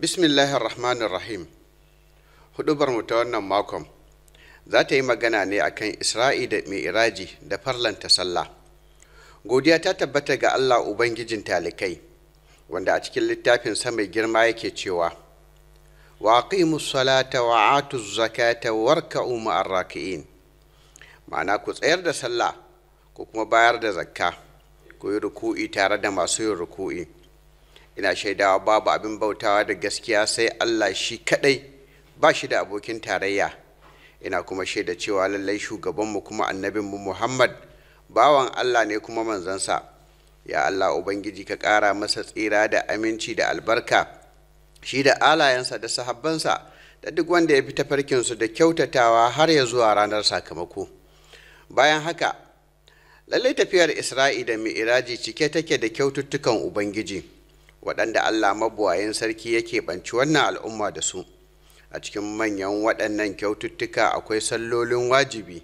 bismillahir rahmanir rahim hudubar mu ta wannan makon za ta yi magana ne akan isra'i da iraji da farlanta sallah godiya ta tabbata ga allah ubangijin talikai wanda a cikin littafin sa mai girma yake cewa wa aqimu salata wa atu zakata warka'u ma'ar raki'in ma'ana ku tsayar da sallah ku kuma bayar da zakka ku yi ruku'i tare da masu yin ruku'i ina shaidawa babu abin bautawa da gaskiya sai Allah shi kadai ba shi da abokin tarayya ina kuma shaida cewa lallai shugabanmu kuma annabinmu Muhammad bawan Allah ne kuma manzansa ya Allah ubangiji ka kara masa tsira da aminci da albarka shi da alayensa da sahabbansa da duk wanda ya fi tafarkinsu da kyautatawa har ya zuwa ranar sakamako bayan haka lallai tafiyar isra'i da mi'iraji cike take da kyaututtukan ubangiji waɗanda Allah mabuwayin sarki yake banci wannan al'umma da su a cikin manyan waɗannan kyaututtuka akwai sallolin wajibi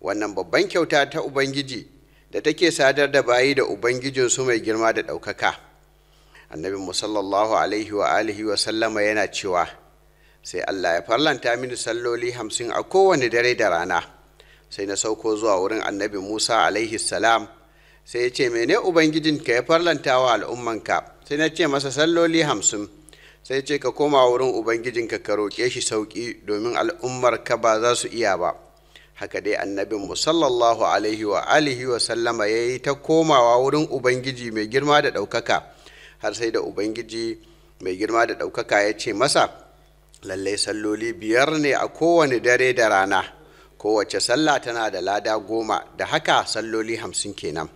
wannan babban kyauta ta ubangiji da take sadar da bayi da ubangijin su mai girma da ɗaukaka annabi musallallahu alaihi wa alihi wa sallama yana cewa sai allah ya farlanta mini salloli hamsin a kowane dare da rana sai na sauko zuwa wurin annabi musa alaihi salam sai ya ce mene ka ya farlanta wa al'ummanka sai na ce masa salloli hamsin sai ya ce ka koma wurin ubangijinka ka roƙe shi sauƙi domin al'ummar ka ba za su iya ba haka dai annabin mu sallallahu alaihi wa alihi wa sallama ya yi ta komawa wurin ubangiji mai girma da ɗaukaka har sai da ubangiji mai girma da ɗaukaka ya ce masa lallai salloli biyar ne a kowane dare da rana kowace sallah tana da lada goma da haka salloli hamsin kenan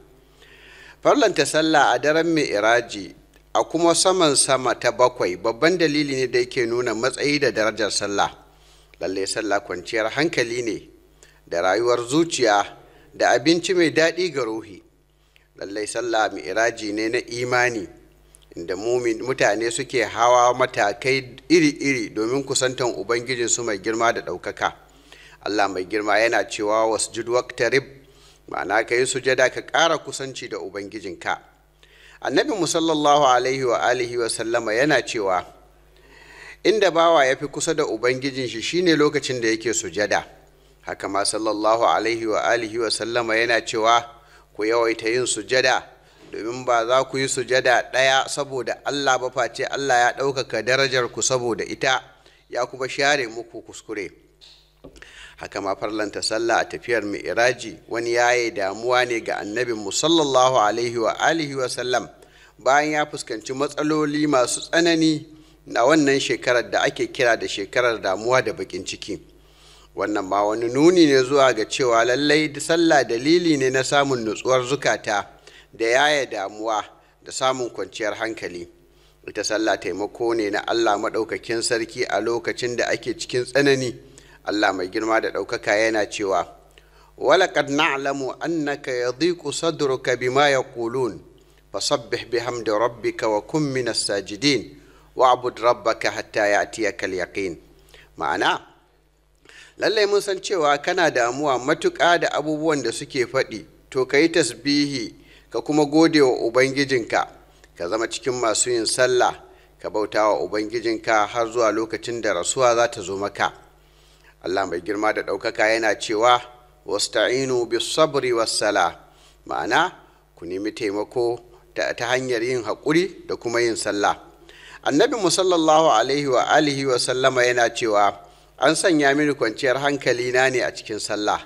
farlanta sallah a daren mai iraji a kuma saman sama ta bakwai babban dalili ne da yake nuna matsayi da darajar sallah lalle sallah kwanciyar hankali ne da rayuwar zuciya da abinci mai daɗi ga ruhi lalle sallah mai iraji ne na imani inda mutane suke hawa matakai iri-iri domin kusantan ubangijinsu mai girma da ɗaukaka allah mai girma yana cewa wasu judwaktarib ma'ana ka yi sujada ka ƙara kusanci da ubangijinka annabi musallallahu alaihi wa alihi wa sallama yana cewa inda bawa ya fi kusa da ubangijin shi shine lokacin da yake sujada haka ma sallallahu alaihi wa alihi wa sallama yana cewa ku yawaita yin sujada domin ba za ku yi sujada ɗaya saboda allah ba face allah ya ɗaukaka darajar ku saboda ita ya kuma share muku kuskure haka ma farlanta sallah a tafiyar mai iraji wani yaye damuwa ne ga annabin mu sallallahu alaihi wa alihi wa sallam bayan ya fuskanci matsaloli masu tsanani na wannan shekarar da ake kira da shekarar damuwa da bakin ciki wannan ma wani nuni ne zuwa ga cewa lallai sallah dalili ne na samun nutsuwar zukata da yaye damuwa da samun kwanciyar hankali ita sallah taimako ne na allah maɗaukakin sarki a lokacin da ake cikin tsanani Allah mai girma da ɗaukaka yana cewa walaƙad na'lamu annaka yadhiqu sadruka bima yaqulun fasabbih bihamdi rabbika wa kun minas sajidin abud rabbaka hatta ya'tiyaka al-yaqin ma'ana lallai mun san cewa kana damuwa matuƙa da abubuwan da suke faɗi to ka yi tasbihi ka kuma gode wa ubangijinka ka zama cikin masu yin sallah ka bauta wa ubangijinka har zuwa lokacin da rasuwa za ta zo maka Allah mai girma da ɗaukaka yana cewa wasta'inu bi sabri wassala ma'ana ku nemi taimako ta hanyar yin haƙuri da kuma yin sallah annabi musallallahu alaihi wa alihi wa sallama yana cewa an sanya mini kwanciyar hankali na ne a cikin sallah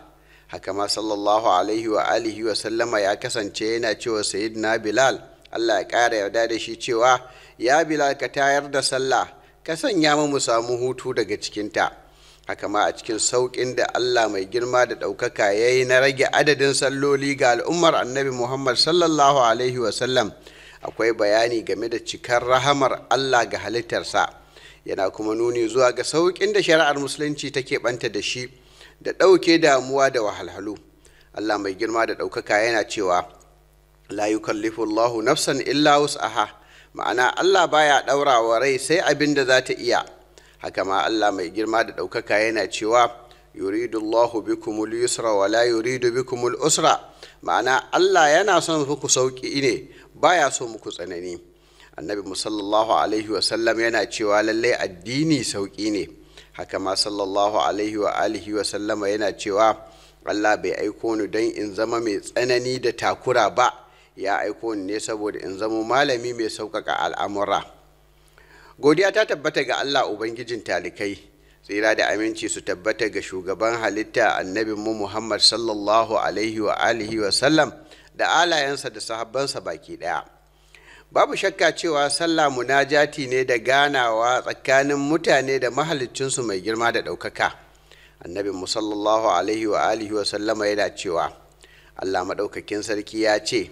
haka ma sallallahu alaihi wa alihi wa sallama ya kasance yana cewa sayyidina bilal allah ya ƙara yarda da shi cewa ya bilal ka tayar da sallah ka sanya mu mu samu hutu daga cikinta haka ma a cikin sauƙin da Allah mai girma da ɗaukaka ya yi na rage adadin salloli ga al'ummar annabi Muhammad sallallahu alaihi wasallam akwai bayani game da cikar rahamar Allah ga halittarsa yana kuma nuni zuwa ga sauƙin da shari'ar musulunci take ɓanta da shi da ɗauke damuwa da wahalhalu Allah mai girma da ɗaukaka yana cewa la yukallifu Allahu nafsan illa wus'aha ma'ana Allah baya ɗaurawa rai sai abin da za ta iya haka ma Allah mai girma da ɗaukaka yana cewa yuridu Allahu bikumul yusra wa la yuridu bikumul usra ma'ana Allah yana son ku sauki ne baya so muku tsanani annabi musallallahu alaihi wa sallam yana cewa lallai addini sauki ne haka ma sallallahu alaihi wa alihi wa sallama yana cewa Allah bai aiko ni don in zama mai tsanani da takura ba ya aiko ni ne saboda in zama malami mai sauƙaƙa al'amura godiya ta tabbata ga allah ubangijin talikai tsira da aminci su tabbata ga shugaban halitta annabin mu muhammad sallallahu alaihi wa alihi wa sallam da alayensa da sahabbansa baki daya babu shakka cewa sallah munajati ne da ganawa tsakanin mutane da mahaliccinsu mai girma da ɗaukaka annabin mu sallallahu alaihi wa alihi wa sallama yana cewa allah maɗaukakin sarki ya ce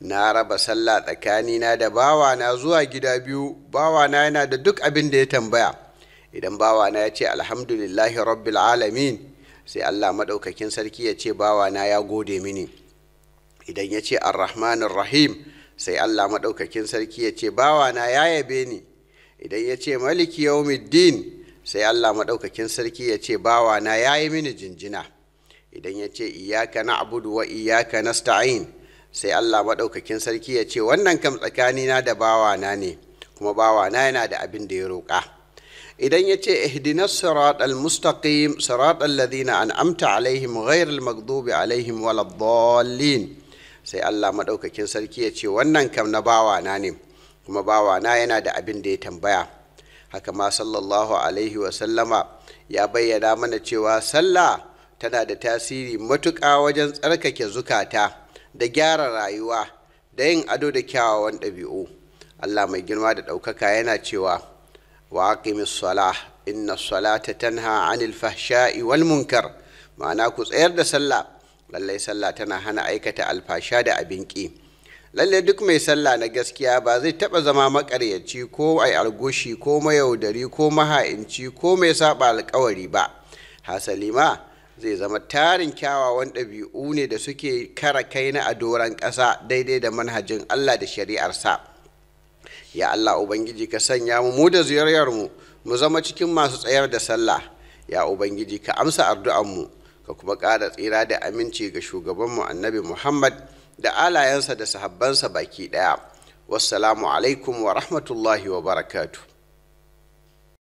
na raba sallah tsakanina da bawana zuwa gida biyu bawana yana da duk abin da ya tambaya idan bawana ya ce alhamdulillahi rabbil alamin sai allah maɗaukakin sarki ya ce bawana ya gode mini idan ya ce arrahmanir rahim sai allah maɗaukakin sarki ya ce na ya yabe ni idan ya ce maliki yawmiddin sai allah maɗaukakin sarki ya ce na ya yi mini jinjina idan ya ce iyaka na abudu wa iyaka nasta'in sai Allah maɗaukakin sarki ya ce wannan kam tsakanina da bawana ne kuma bawana yana da abin da ya roƙa idan ya ce ihdina sirat al-mustaqim sirat alladhina an'amta alaihim ghayr al-maghdubi alaihim sai Allah maɗaukakin sarki ya ce wannan kam na bawana ne kuma bawana yana da abin da ya tambaya haka ma sallallahu alaihi wa sallama ya bayyana mana cewa sallah tana da tasiri matuƙa wajen tsarkake zukata da gyara rayuwa da yin ado da kyawawan ɗabi'u allah mai girma da ɗaukaka yana cewa wa aqimis sala inna salata tanha anil fahsha'i wal munkar ma'ana ku tsayar da sallah lallai sallah tana hana aikata alfasha da abin ƙi lallai duk mai sallah na gaskiya ba zai taɓa zama maƙaryaci ko ai argushi ko mayaudari ko maha'inci ko mai saɓa alƙawari ba hasali ma zai zama tarin kyawawan ɗabi'u ne da suke kara kaina a doron ƙasa daidai da manhajin Allah da shari'arsa ya Allah ubangiji ka sanya mu mu da ziyarar mu mu zama cikin masu tsayar da sallah ya ubangiji ka amsa addu'ar mu ka kuma ƙara tsira da aminci ga shugabanmu annabi Muhammad da alayensa da sahabbansa baki ɗaya wassalamu alaikum wa rahmatullahi wa barakatuh